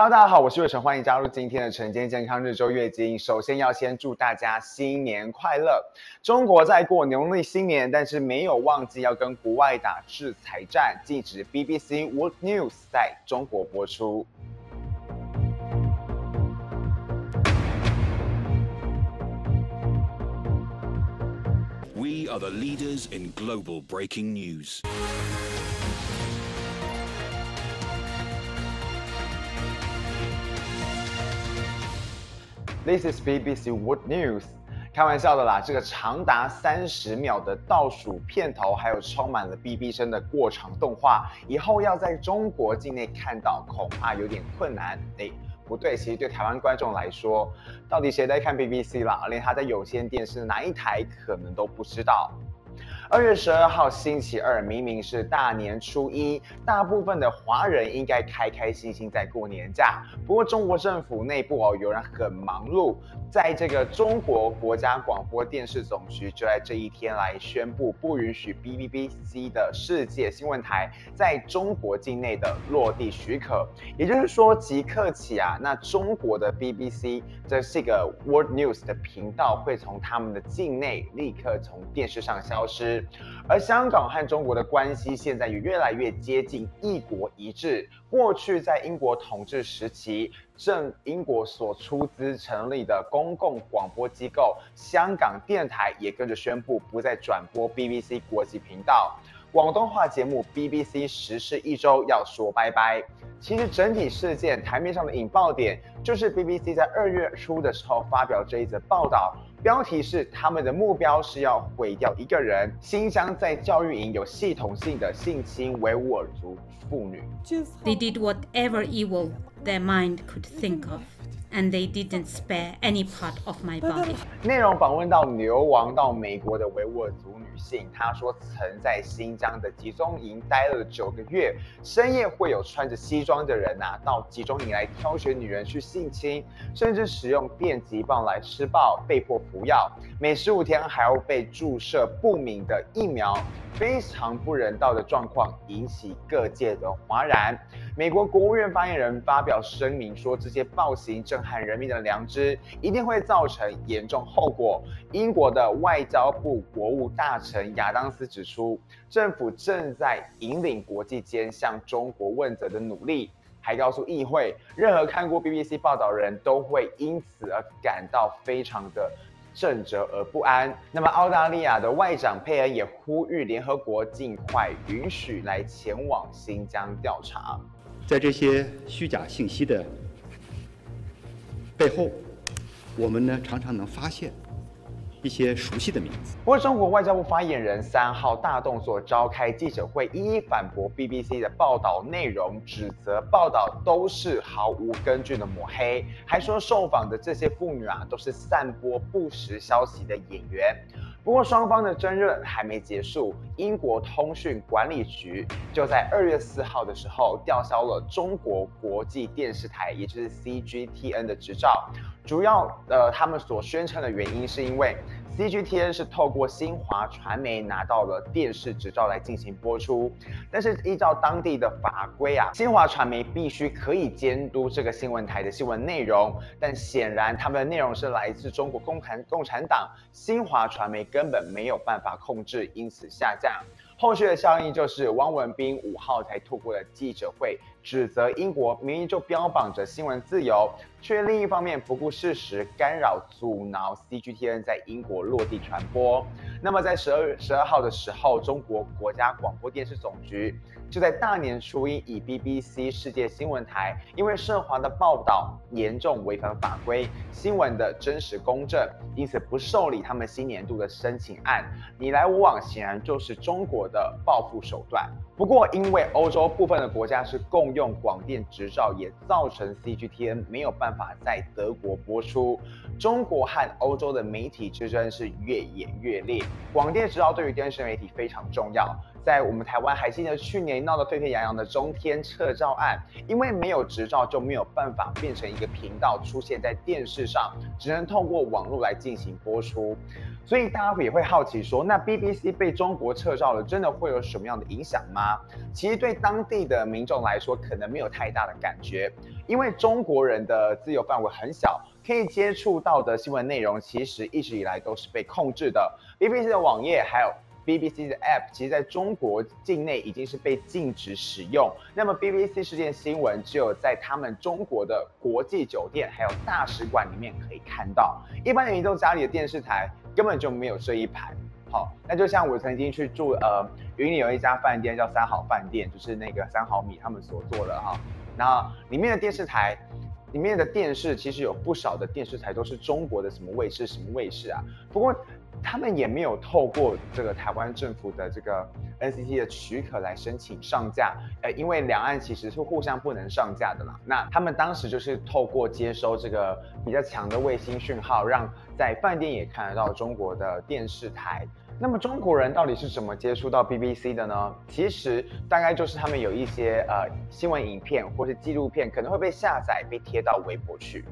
大家好，我是月晨，歡迎加入今天的晨間健康日週月經。首先要先祝大家新年快樂！中國在過農曆新年，但是沒有忘記要跟國外打制裁戰，禁止 BBC World News 在中國播出。We are the leaders in global breaking news. This is BBC World News. 開玩笑的啦，這個長達三十秒的倒數片頭，還有充滿了嗶嗶聲的過場動畫，以後要在中國境內看到，恐怕有點困難。哎，不對，其實對台灣觀眾來說，到底誰在看 BBC 啦？而連他在有線電視哪一台可能都不知道。二月十二號，星期二，明明是大年初一，大部分的華人應該開開心心在過年假。不過中國政府內部哦，有人很忙碌，在這個中國國家廣播電視總局就在這一天來宣佈，不允許 BBBC 的世界新聞台在中國境內的落地許可。也就是說，即刻起啊，那中國的 BBC 這是一個 World News 的頻道會從他們的境內立刻從電視上消失。而香港和中國的關係現在也越來越接近一國一制。過去在英國統治時期，正英國所出資成立的公共廣播機構香港電台也跟着宣布不再轉播 BBC 國際頻道。廣東話節目 BBC 實施一周要說拜拜。其實整體事件台面上的引爆點，就是 BBC 在二月初的時候發表這一則報道，標題是他們的目標是要毀掉一個人。新疆在教育營有系統性的性侵維吾爾族婦女。They did whatever evil their mind could think of. And they didn't spare any part of my body. 內容訪問到流亡到美國的維吾爾族女性，她說曾在新疆的集中營待了九個月，深夜會有穿着西裝的人吶、啊、到集中營來挑選女人去性侵，甚至使用電擊棒來施暴，被迫服藥。每十五天還要被注射不明的疫苗，非常不人道的狀況引起各界的嘩然。美國國務院發言人發表聲明說：“這些暴行震撼人民的良知，一定會造成嚴重後果。”英國的外交部國務大臣亞當斯指出，政府正在引領國際間向中國問責的努力，還告訴議會，任何看過 BBC 報道的人都會因此而感到非常的。震澤而不安。那麼，澳大利亞的外長佩恩也呼籲聯合國盡快允許來前往新疆調查。在這些虛假信息的背後，我們呢常常能發現。一些熟悉的名字。不過，中國外交部發言人三號大動作召開記者會，一一反駁 BBC 的報道內容，指責報道都是毫無根據的抹黑，還說受訪的這些婦女啊，都是散播不實消息的演員。不過，雙方的爭論還沒結束，英國通訊管理局就在二月四號的時候吊銷了中國國際電視台，也就是 CGTN 的執照。主要，呃，他們所宣稱的原因是因為，CGTN 是透過新華傳媒拿到了電視執照來進行播出，但是依照當地的法規啊，新華傳媒必須可以監督這個新聞台的新聞內容，但顯然他們的內容是來自中國共產共產黨，新華傳媒根本沒有辦法控制，因此下架。後續的效應就是汪文斌五號才透過了記者會。指責英國明明就標榜着新聞自由，卻另一方面不顧事實干擾阻撓 CGTN 在英國落地傳播。那麼在十二月十二號的時候，中國國家廣播電視總局就在大年初一以 BBC 世界新聞台因為涉華的報道嚴重違反法規、新聞的真實公正，因此不受理他們新年度的申請案。你來我往，顯然就是中國的報復手段。不過因為歐洲部分的國家是共。用廣電執照也造成 CGTN 沒有辦法在德國播出，中國和歐洲的媒體之爭是越演越烈，廣電執照對於電視媒體非常重要。在我們台灣還記得去年鬧得沸沸揚揚的中天撤照案，因為沒有執照就沒有辦法變成一個頻道出現在電視上，只能透過網絡來進行播出。所以大家也會好奇說，那 BBC 被中國撤照了，真的會有什麼樣的影響嗎？其實對當地的民眾來說，可能沒有太大的感覺，因為中國人的自由範圍很小，可以接觸到的新聞內容其實一直以來都是被控制的。BBC 的網頁還有。BBC 的 App 其實在中國境內已經是被禁止使用。那麼 BBC 世界新聞只有在他們中國的國際酒店還有大使館裡面可以看到。一般民眾家裡的電視台根本就沒有這一盤。好，那就像我曾經去住呃，雲里有一家飯店叫三好飯店，就是那個三毫米他們所做的哈。那裡面的電視台，裡面的電視其實有不少的電視台都是中國的什麼衛視什麼衛視啊。不過。他們也沒有透過這個台灣政府的這個 NCC 的許可來申請上架，呃，因為兩岸其實是互相不能上架的嘛。那他們當時就是透過接收這個比較強的衛星訊號，讓在飯店也看得到中國的電視台。那麼中國人到底是怎麼接觸到 BBC 的呢？其實大概就是他們有一些呃新聞影片或是紀錄片，可能會被下載，被貼到微博去。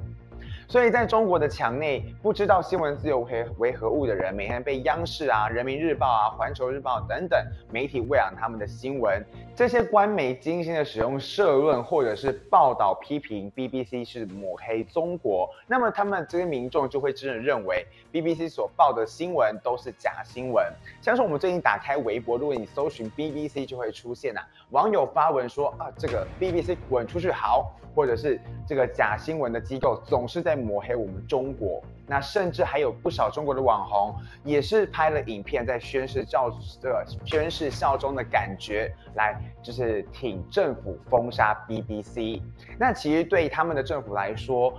所以，在中國的牆內，不知道新聞自由為為何物的人，每天被央視啊、人民日報啊、環球日報等等媒體餵養他們的新聞。這些官媒精心的使用社論或者是報道批評 BBC 是抹黑中國，那麼他們這些民眾就會真的認為 BBC 所報的新聞都是假新聞。像是我們最近打開微博，如果你搜尋 BBC，就會出現吶、啊、網友發文說啊這個 BBC 滾出去好，或者是這個假新聞的機構總是在抹黑我們中國。那甚至還有不少中國的網紅，也是拍了影片，在宣誓教的、呃、宣誓效忠的感覺，來就是挺政府封殺 BBC。那其實對於他們的政府來說，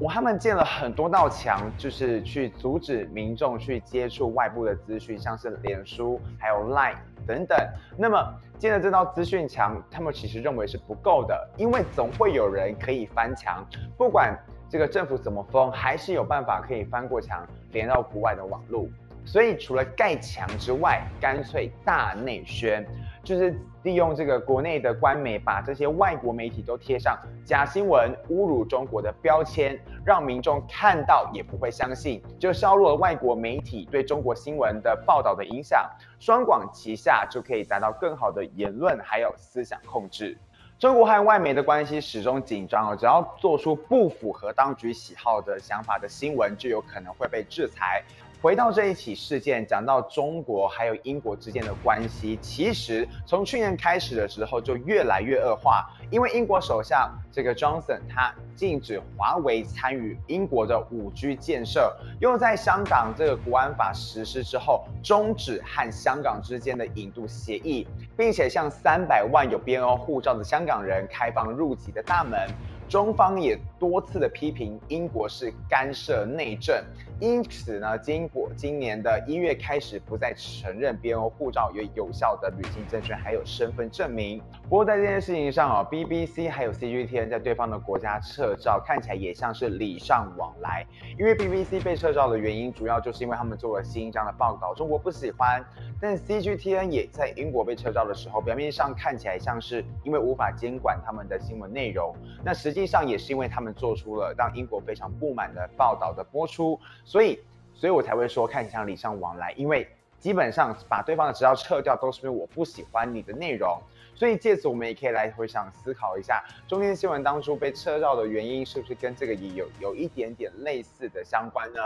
我他們建了很多道牆，就是去阻止民眾去接觸外部的資訊，像是臉書還有 Line 等等。那麼建了這道資訊牆，他們其實認為是不夠的，因為總會有人可以翻牆，不管。這個政府怎麼封，還是有辦法可以翻過牆，連到國外的網絡。所以除了蓋牆之外，乾脆大內宣，就是利用這個國內的官媒，把這些外國媒體都貼上假新聞、侮辱中國的標籤，讓民眾看到也不會相信，就削弱了外國媒體對中國新聞的報道的影響。雙管齊下，就可以達到更好的言論還有思想控制。中國和外媒的關係始終緊張，只要做出不符合當局喜好的想法的新聞，就有可能會被制裁。回到這一起事件，講到中國還有英國之間的關係，其實從去年開始的時候就越來越惡化，因為英國首相這個 Johnson 他禁止華為參與英國的五 G 建設，又在香港這個國安法實施之後終止和香港之間的引渡協議，並且向三百萬有 BNO 護照的香港人開放入籍的大門，中方也多次的批評英國是干涉內政，因此呢，經過今年的一月開始不再承認 BNO 護照有有效的旅行證件，還有身份證明。不過在這件事情上啊，BBC 還有 CGTN 在對方的國家撤照，看起來也像是禮尚往來。因為 BBC 被撤照的原因，主要就是因為他們做了新疆的報道，中國不喜歡。但 CGTN 也在英國被撤照的時候，表面上看起來像是因為無法監管他們的新聞內容，那實際上也是因為他們。做出了讓英國非常不滿的報道的播出，所以，所以我才會說看起來像禮尚往來，因為基本上把對方的執照撤掉，都是因為我不喜歡你的內容。所以借此，我們也可以來回想、思考一下，中天新聞當初被撤掉的原因，是不是跟這個也有有一點點類似的相關呢？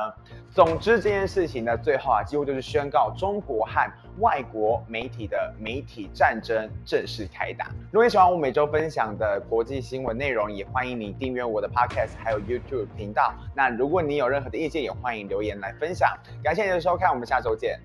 總之這件事情呢，最後啊，幾乎就是宣告中國和外國媒體的媒體戰爭正式開打。如果你喜歡我每周分享的國際新聞內容，也歡迎你訂閱我的 podcast，還有 YouTube 頻道。那如果你有任何的意見，也歡迎留言來分享。感謝你的收看，我們下周見。